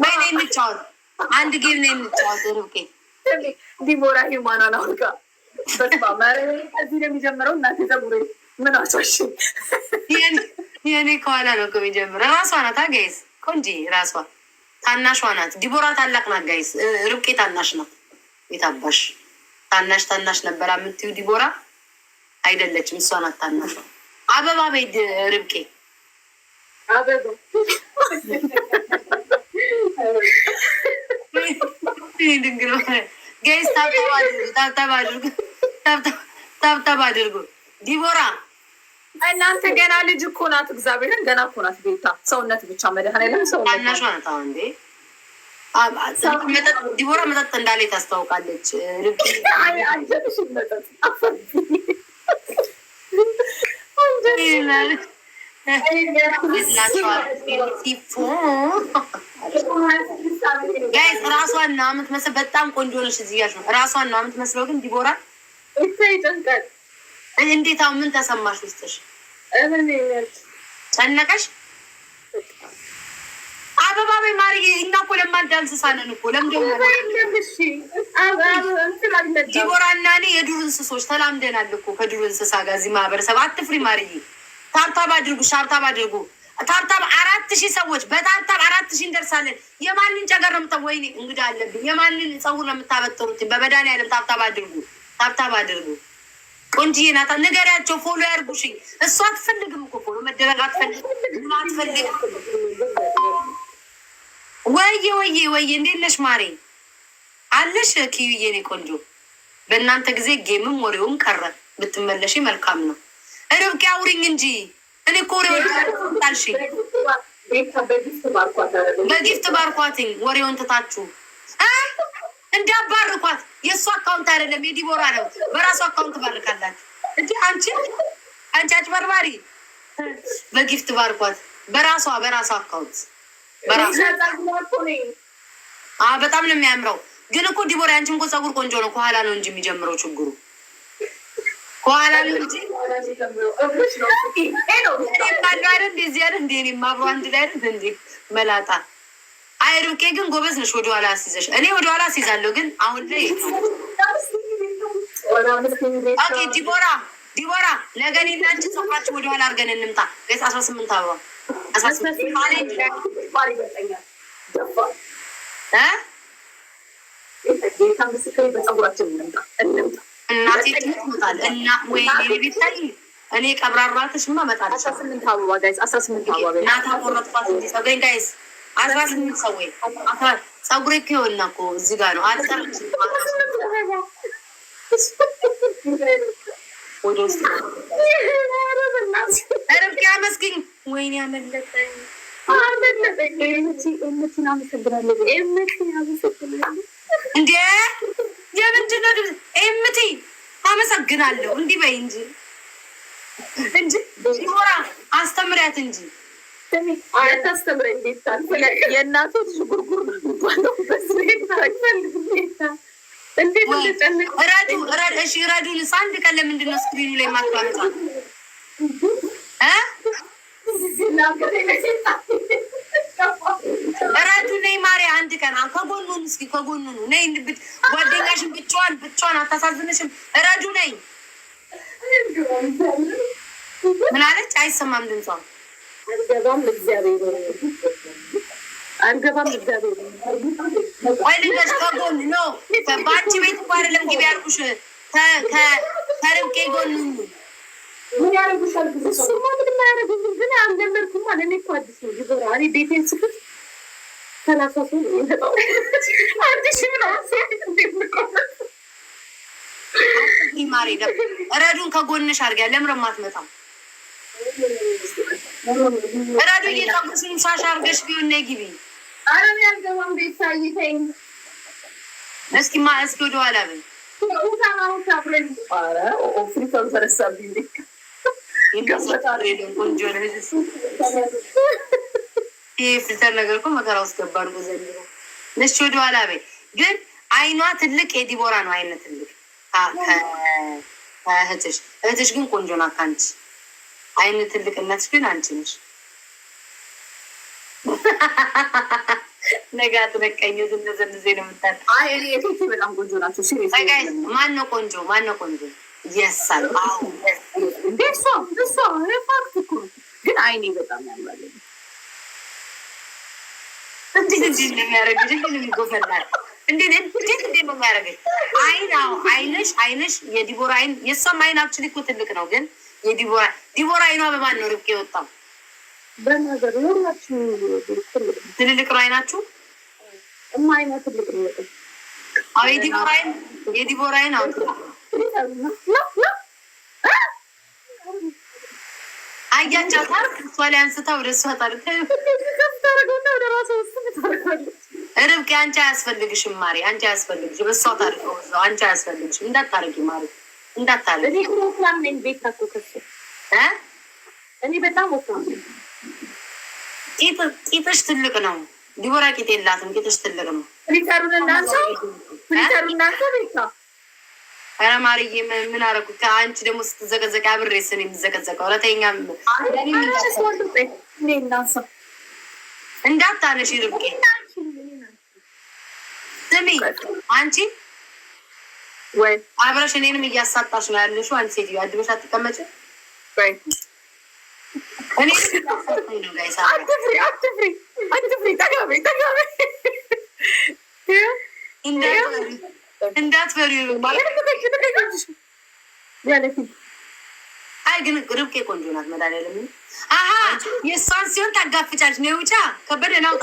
ወይኔ እንጫወት፣ አንድ ጌም ነው የምንጫወት። ርብቄ ዲቦራ ሂማኗን አውልቃ በስመ እዚህ ነው የሚጀምረው። እናቴ ጸጉሬ ምን ከኋላ ነው የሚጀምረው። ራሷ ናት ጋይስ፣ ቆንጂ ራሷ ታናሿ ናት። ዲቦራ ታላቅ ናት ጋይስ፣ ታናሽ ናት። የታባሽ ታናሽ ታናሽ ነበራ የምትዩ ዲቦራ አይደለችም፣ እሷ ናት አበባ ርብቄ አበባ ጋይስ ታብታብ አድርጉ። ዲቦራ እናንተ ገና ልጅ እኮ ናት፣ እግዚአብሔርን ገና እኮ ናት። ቤታ ሰውነት ብቻ መድኃኒዓለም ሰውነት ዲቦራ መጠጥ እንዳለ ታስታውቃለች። ልብሽ ጋይስ ራሷን ነው የምትመስለው። በጣም ቆንጆ ነች። እዚህ ነው። ራሷን ነው የምትመስለው፣ ግን ዲቦራ ይጨንቃል። እንዴት አሁን ምን ተሰማሽ? ውስጥሽ ጨነቀሽ? አበባ ወይ ማርዬ፣ እኛ እኮ ለማዳ እንስሳ ነን እኮ ለምንድነው? ዲቦራ እና እኔ የዱር እንስሶች ተላምደናል እኮ ከዱር እንስሳ ጋር እዚህ ማህበረሰብ። አትፍሪ ማርዬ፣ ታብታብ አድርጉ፣ ሻብታብ አድርጉ። ታብታብ አራት ሺህ ሰዎች በታብታብ አራት ሺህ እንደርሳለን። የማንን ጨገር ነው ምጠ ወይኔ እንግዳ አለብኝ። የማንን ፀጉር ነው የምታበጥሩት? በመድኃኒዓለም ታብታብ አድርጉ፣ ታብታብ አድርጉ። ቆንጅዬ ናታ ንገሪያቸው፣ ፎሎ ያርጉሽኝ። እሷ አትፈልግም እኮ ፎሎ መደረግ አትፈልግም፣ አትፈልግም። ወይዬ ወይዬ ወይዬ፣ እንዴት ነሽ ማሬ? አለሽ ኪዩዬ፣ ኔ ቆንጆ። በእናንተ ጊዜ ጌምም ወሬውም ቀረ። ብትመለሽ መልካም ነው። ርብቃ አውሪኝ እንጂ እኔ እኮ በጊፍት ባርኳትኝ ወሬውን ትታችሁ እንዳባርኳት። የእሱ አካውንት አይደለም የዲቦራ ነው። በራሱ አካውንት ትባርካላት እንጂ አንቺ አንቺ አጭበርባሪ በጊፍት ባርኳት። በራሷ በራሷ አካውንት በራሷ በጣም ነው የሚያምረው። ግን እኮ ዲቦራ አንቺም እኮ ፀጉር ቆንጆ ነው። ከኋላ ነው እንጂ የሚጀምረው ችግሩ ከኋላ እንጂ አብሮ ግን ጎበዝ ነሽ። ወደኋላ አስይዘሽ እኔ ወደኋላ አስይዛለሁ። ግን አሁን ላይ ኦኬ። ዲቦራ ዲቦራ ነገ እኔና አንቺ ሰፋችሁ ወደኋላ አድርገን እንምጣ። ቤት አስራ ስምንት አበባ አስራ ስምንት ጌታ ምስክሬ በፀጉራችን እንምጣ እንምጣ እና ወይ አስራ ስምንት አበባ አስራ ስምንት አበባ ቆረጥኳት። አስራ ስምንት ሰው እኮ እኮ እዚህ ጋር ነው። ወይኔ አመለጠኝ። እንዴ የምንድን ነው ግን አለው እንዲህ በይ እንጂ እንጂ ሲሞራ አስተምሪያት እንጂ የእናቶች ጉርጉር ረዱንስ አንድ ቀን ለምንድን ነው ስክሪኑ ላይ ማትባምጣ? ረዱ ነይ ማርያ አንድ ቀን ከጎኑን እስኪ ከጎኑኑ ነይ ጓደኛ ብቻዋን ብቻዋን አታሳዝንሽም? ረዱ ነኝ ምን አለች? አይሰማም ድምጿ። አልገባም እግዚአብሔር አልገባም እግዚአብሔር። ቆይ ልንገርሽ፣ ከጎን ኖ በአንቺ ቤት እኮ አይደለም ግቢ ያልኩሽ፣ ከርብቄ ጎን ምን ያደርጉሻል? እሱማ ምንም አያደርጉኝም፣ ግን አልለመድኩማ። ለእኔ እኮ አዲስ ነው። ቤቴን ስክት ሰላሳ ሰው ነው ማሬ ደም ረዱን ከጎንሽ አድርጊያ። ለምን ማትመጣም ረዱ እየጠጉስም ሳሽ አድርገሽ ቢሆን ነይ ግቢ። አረም ያልገባም ቤት ሳይተኝ እስኪ ማ እስኪ ወደ ኋላ በይ ፍልተር ነገር እኮ መከራ ውስጥ ገባ። ወደ ኋላ በይ ግን አይኗ ትልቅ የዲቦራ ነው አይነት ትልቅ ከእህትሽ እህትሽ ግን ቆንጆ ናት። ከአንቺ አይነት ትልቅነት ግን አንቺ ነሽ። ነገ አትበቀኝ። ዜ ነው የምታል። በጣም ቆንጆ ናቸው። ማነው ቆንጆ? ማነው ቆንጆ? የሳል አሁ እሷ እሷ ፋክት እኮ ግን አይኔ በጣም ያምራል። እንዴት እንዴት እንደሚያደርግ እንዴት እንደሚጎፈላል እንዴት እንዴት እንዴት ነው የሚያደርግሽ? አይን አዎ፣ አይነሽ አይነሽ የዲቦራ አይን የእሷም አይን አክቹዋሊ እኮ ትልቅ ነው፣ ግን የዲቦራ ዲቦራ አይኗ በማን ነው ርብቃ የወጣው? ትልልቅ ነው አይናችሁ። እማ አይኗ ትልቅ ነው። አዎ የዲቦራ አይን የዲቦራ አይን አውጥ አያቻታል። እሷ ላይ አንስታ ወደ እሷ ታርተ አንቺ አያስፈልግሽም ማሪ፣ አንቺ አያስፈልግሽም። እሷ ታሪክ አንቺ አያስፈልግሽም። እንዳታረጊ ማሪ፣ እንዳታረጊ። እኔ ወፍራም ነኝ ቤት እኮ ከሱ እኔ በጣም ወፍራም ነኝ። ቂጥሽ ትልቅ ነው። ዲቦራ ቂጥ የላትም። ቂጥሽ ትልቅ ነው። ፍሊተሩን እናንሳ፣ ፍሊተሩን ማርዬ ምን አደረኩ? ከአንቺ ደግሞ ስትዘቀዘቀ አብሬ ስን የሚዘቀዘቀው ረተኛ እንዳታነሽ ርብቄ ስሚ አንቺ ወይ አብረሽ እኔንም እያሳጣሽ ነው ያለሽው። አንቺ ሴትዮ አድበሽ አትቀመጭ። እንዳትፈሪ አይ ግን ርብቄ ቆንጆ ናት። መድኃኒዓለም አሀ የእሷን ሲሆን ታጋፍጫለች። ነውቻ ከበደ ናውጣ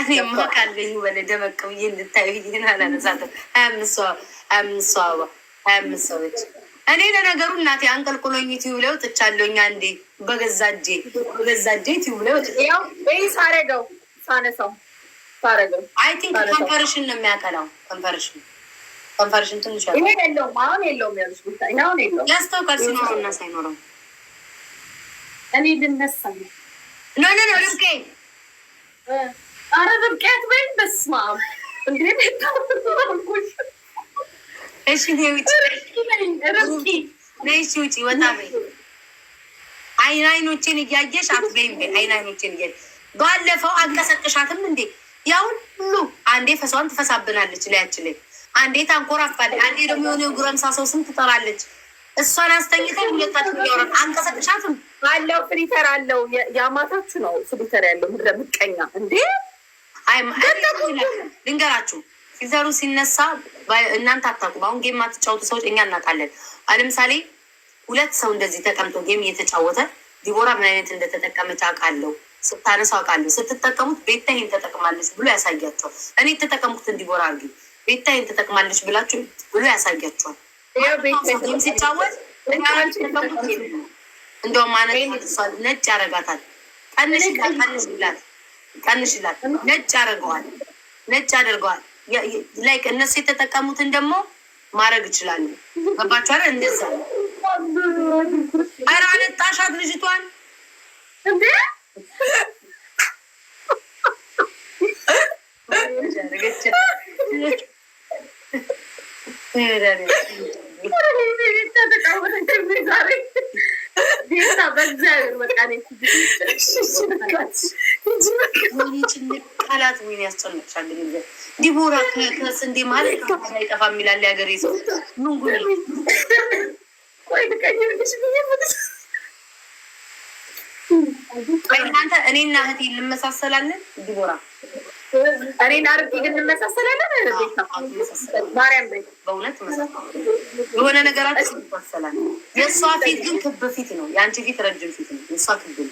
እኔማ ካለኝ በላይ ደመቅ ብዬ እንድታዩ ይህን አላነሳትም። ሀያ አምስት ሰው ሀያ አምስት ሰዎች እኔ ለነገሩ እናቴ አንቀልቅሎኝ ዩቲዩብ ላይ ወጥቻለሁኝ። አንዴ በገዛ እጄ በገዛ እጄ ዩቲዩብ ላይ ወጥቻለሁ። ሳረገው ሳነሳው ሳረገው አይ ቲንክ ኮንፈርሽን ነው የሚያቀላው ከንፈርሽን ከንፈርሽን ትንሽ ይሄ የለውም አሁን የለውም ያሉት ቦታ አሁን የለውም ያስታውቃል። ሲኖረው እና ሳይኖረው እኔ ልነሳ ነው ኖ ኖ ኖ ልብቄ አረ ብብቀት በይኝ። በስመ እንዴ! ውጪ ወጣ አይን አይኖቼን እያየሽ አትበይም። አይን አይኖቼን እያየሽ ባለፈው አልቀሰቅሻትም እንዴ? ያ ሁሉ አንዴ ፈሷን ትፈሳብናለች ላያችን ላይ አንዴ ታንኮራፋለች፣ አንዴ ደግሞ የሆነ የጉረምሳ ሰው ስም ትጠራለች። እሷን አስተኝተን ሁለታት የሚያወራን አንቀሰቅሻትም አለው። ፍሪተር አለው። ያማታችሁ ነው ፍሪተር ያለው ምድረ ምቀኛ እንዴ ልንገራችሁ ሲዘሩ ሲነሳ እናንተ አታውቁም። አሁን ጌም የማትጫወቱ ሰዎች እኛ እናውቃለን። ለምሳሌ ሁለት ሰው እንደዚህ ተቀምጦ ጌም እየተጫወተ ዲቦራ ምን አይነት እንደተጠቀመች አውቃለሁ፣ ስታነሳው አውቃለሁ። ስትጠቀሙት ቤታ ይሄን ተጠቅማለች ብሎ ያሳያቸዋል። እኔ የተጠቀምኩትን ዲቦራ አርጊ ቤታ ይሄን ተጠቅማለች ብላችሁ ብሎ ያሳያቸዋል። ጌም ሲጫወት እንደውም ማነት ነጭ ያረጋታል። ቀንሽ ቀንሽ ብላት ቀንሽላት። ነጭ አድርገዋል፣ ነጭ አድርገዋል። ላይክ እነሱ የተጠቀሙትን ደግሞ ማድረግ ይችላሉ። ገባችኋል? እንደዛ ኧረ አነጣሻት ልጅቷን ቃላት ወይን ያስጨንቅሻል። ዲቦራ ከስንዴ ማለት አይጠፋ የሚላል ያገሬ ሰው ምንጉ እናንተ እኔና እህቴ እንመሳሰላለን። ዲቦራ እኔን አርጌ ግን እንመሳሰላለን። ማርያም በእውነት የሆነ ነገራችን ይመሳሰላል። የእሷ ፊት ግን ክብ ፊት ነው፣ የአንቺ ፊት ረጅም ፊት ነው። የእሷ ክብ ነው።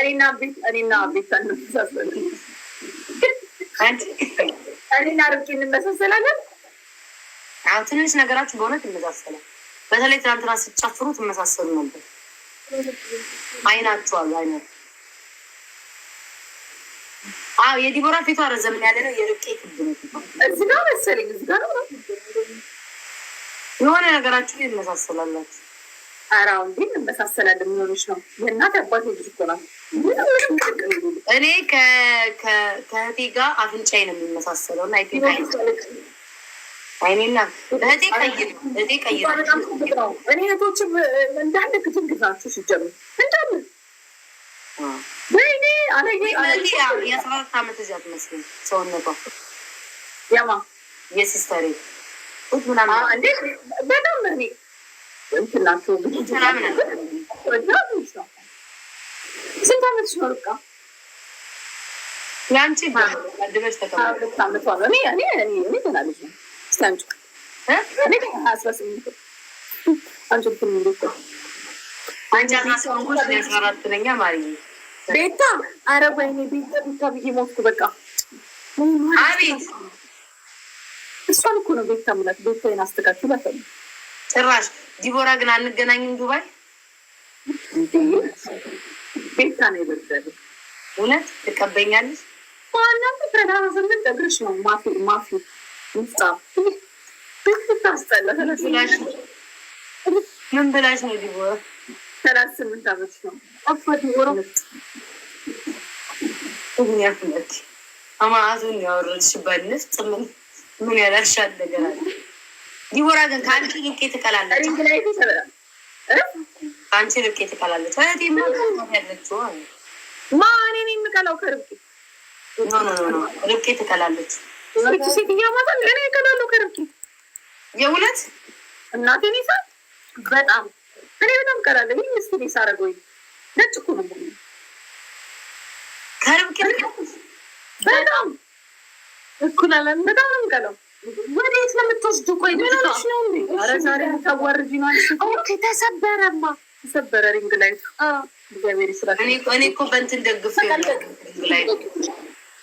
እኔና ቤት እኔና ቤት እንመሳሰላለን። እኔና ርብቃ እንመሳሰላለን። አዎ ትንሽ ነገራችሁ በእውነት እንመሳሰላለን። በተለይ ትናንትና ስጨፍሩ ትመሳሰሉ ነበር። አይናችኋል አዎ የዲቦራ ፊቷ ረዘምን ያለ ነው። የርቄ ክብ ነው። እዚህ መሰለኝ ነው የሆነ ነገራችሁ ይመሳሰላላችሁ። እንመሳሰላለን ነው የእናት አባት ልጅ እኮ ናት። እኔ ከእህቴ ጋር አፍንጫዬ ነው የሚመሳሰለው እና አይኔና እህቴ ቀይ እህቴ ቀይ እኔ እህቶችም እንዳለ ክትል ናችሁ ሲጀምር እንዳለ ወይኔ የአስራ አራት ዓመት እዚህ አትመስልም ሰውነቷ ያማ የሲስተሬ ምናምን እንዴ በጣም እኔ እንትን ምናምን ስንት ዓመትሽ ነው ርብቃ? የአንቺ ድረስ ተቀሁለት ዓመቷ ቤታ፣ ኧረ ወይኔ ቤታ ቤታ ብዬ ሞትኩ። በቃ አቤት እሷን እኮ ነው ቤታ የምላት። ቤታዬን አስተካክል በፈል ጭራሽ ዲቦራ ግን አንገናኝም ዱባይ ቤታ ነው የበደሉ። እውነት ትቀበኛለች። ዋናም ተዳራ ስምንት እግርሽ ነው ማፊ ማፊ ምፍጣ ታስጠላ። ምን ብላሽ ነው ዲቦራ? ሰላሳ ስምንት አመት ነው አፋት ዲቦራ ምክንያት አማአቱን ያወረድሽባት ንፍጥ ምን ምን ያላሻል ነገር አለ ዲቦራ ግን ከአንቺ ልቄ ትቀላለች አንቺ ርብቃ ትቀላለች። እህቴ ማን እኔ የምቀላው ከርብቃ? ርብቃ ትቀላለች። እቺ ሴትዮ ማታል እኔ እቀላለሁ ከርብቃ የእውነት እናቴ ኔሳ በጣም እኔ በጣም ቀላለሁ። ይህ ምስት ኔሳ ወይ ነጭ እኮ ነው ከርብቃ በጣም እኩላለን። በጣም ነው የምቀላው ወዴት ለምትወስዱ? ቆይ ነው ዛሬ ተወርጅ ነው ተሰበረማ ተሰበረ ሪንግ ላይቱ። እግዚአብሔር ይስራ። እኔ እኮ በእንትን ደግፍ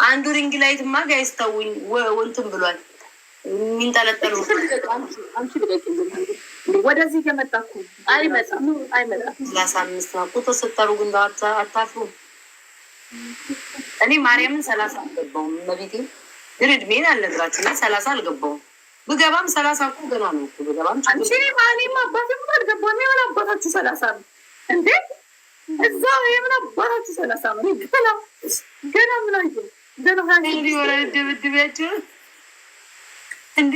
አንዱ ሪንግ ላይት ማ ጋይስታውኝ እንትን ብሏል። የሚንጠለጠሉ ወደዚህ እየመጣኩ አይመጣም ነው ቁጥር ስትጠሩ ግን አታፍሩ። እኔ ማርያምን ሰላሳ አልገባውም። መቤቴ ግን እድሜን አልነግራችሁ እና ሰላሳ አልገባውም ብገባም ሰላሳ እኮ ገና ነው። ብገባም እኔም አባት አልገባም። የምን አባታችሁ ሰላሳ ነው እንዴ? እዛ የምን አባታችሁ ሰላሳ ነው? ገና ገና ምን አየ ገና ወረ ድብድቢያቸው እንዴ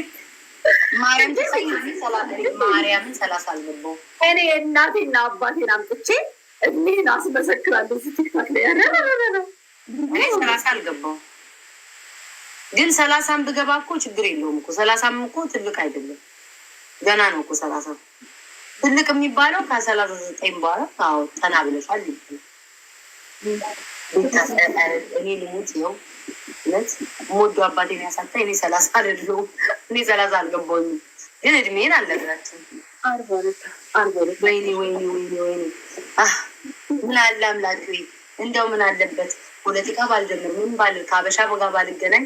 ማርያምን ሰላሳ አልገባው። እኔ እናቴና አባቴን አምጥቼ እኒህን አስመሰክራለሁ። ቲክታክ ላይ ሰላሳ አልገባው ግን ሰላሳም ብገባ እኮ ችግር የለውም እኮ ሰላሳም እኮ ትልቅ አይደለም፣ ገና ነው እኮ ሰላሳ ትልቅ የሚባለው ከሰላሳ ዘጠኝ በኋላ ው ጠና ብለሻል። እኔ ልሙት ይኸው ነት ሞዶ አባቴን ያሳታ እኔ ሰላሳ አይደለሁም። እኔ ሰላሳ አልገባሁም፣ ግን እድሜን አልነግራችሁም። ወይኔ ወይኔ ወይኔ ወይኔ ምን አለ አምላክ፣ እንደው ምን አለበት ፖለቲካ ባልጀምር ምን ባል ከአበሻ በጋ ባልገናኝ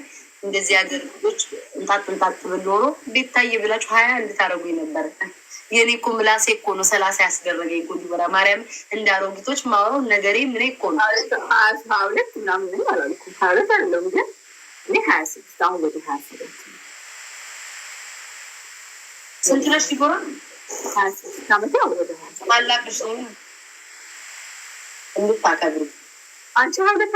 እንደዚህ ሀገር ልጆች እንታት እንታት ብል ኖሮ ቤታዬ ብላችሁ ሀያ እንድታደረጉኝ ነበር። የኔ እኮ ምላሴ እኮ ነው ሰላሳ ያስደረገኝ እኮ ዲቦራ ማርያም እንደ አሮጊቶች ነገሬ ምን እኮ ነው ሁለት ምናምን አላልኩም። ሁለት ግን ሀያ ስድስት አሁን ወደ ሀያ ስድስት ስንት ነሽ ወደ ሀያ አንቺ ሁለት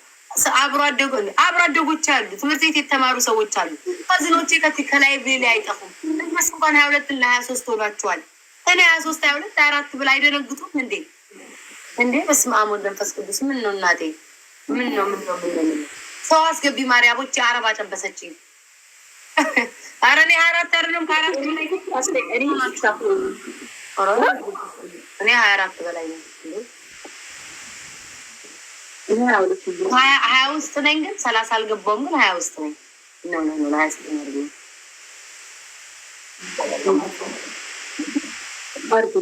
አብሮ አደጎች አሉ፣ ትምህርት ቤት የተማሩ ሰዎች አሉ። ከዝኖቼ ከላይ ብሌ አይጠፉም። እነሱ እንኳን ሀያ ሁለት እና ሀያ ሶስት ሆኗቸዋል። እኔ ሀያ ሶስት ሀያ ሁለት ሀያ አራት ብላ አይደነግጡም እንዴ? እንዴ በስመ አብ ወልድ መንፈስ ቅዱስ። ምን ነው እናቴ? ምን ነው ምን ነው ምን ነው? ሰው አስገቢ ማርያቦች አረብ አጨበሰች። አረ እኔ ሀያ አራት አይደለም ከአራት እኔ ሀያ አራት በላይ ነው ሀያ ውስጥ ነኝ፣ ግን ሰላሳ አልገባውም፣ ግን ሀያ ውስጥ ነኝ።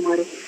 ሀያ